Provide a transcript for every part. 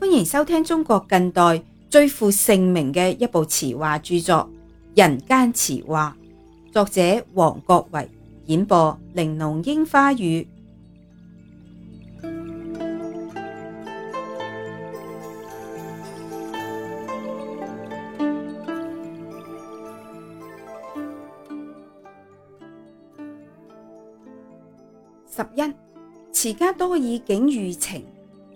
歡迎收聽中國近代最負盛名嘅一部詞話著作《人間詞話》，作者王國維，演播玲瓏櫻花雨。十一，詞家多以景寓情。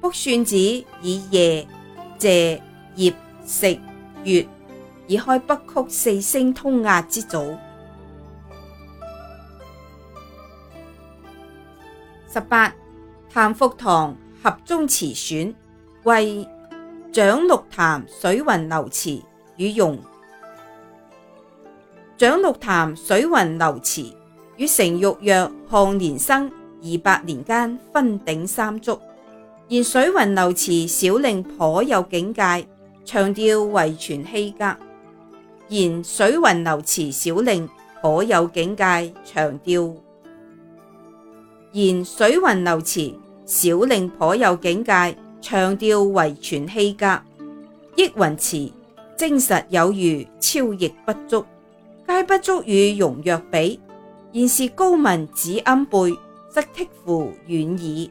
卜算子以夜謝葉食月，已開北曲四聲通押之祖。十八，譚復堂篋中詞選謂，蔣鹿潭水雲樓詞與容蔣鹿潭水雲樓詞與成容若、項蓮生二百年間，分鼎三足。然水雲樓詞小令頗有境界，長調惟存氣格。然水雲樓詞小令頗有境界，長調。然水雲樓詞小令頗有境界，長調惟存氣格。憶雲詞精實有餘，超逸不足，皆不足與容若比。然視皋文止庵輩，則倜乎遠矣。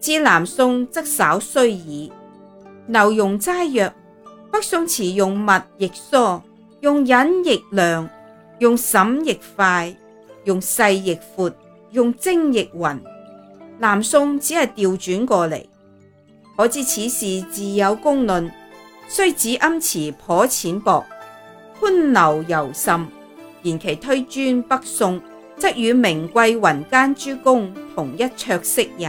至南宋則稍衰矣。劉融齋曰：北宋詞用密亦疏，用隱亦亮，用沈亦快，用細亦闊，用精亦渾。南宋只係調轉過嚟，可知此事自有公論。雖止庵詞頗淺薄，潘劉尤甚，然其推尊北宋，則與明季雲間諸公同一卓識也。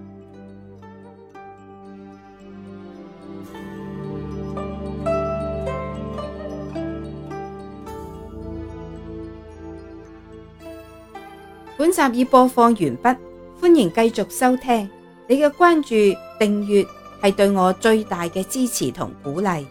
本集已播放完畢，歡迎繼續收聽。你嘅關注、訂閱係對我最大嘅支持同鼓勵。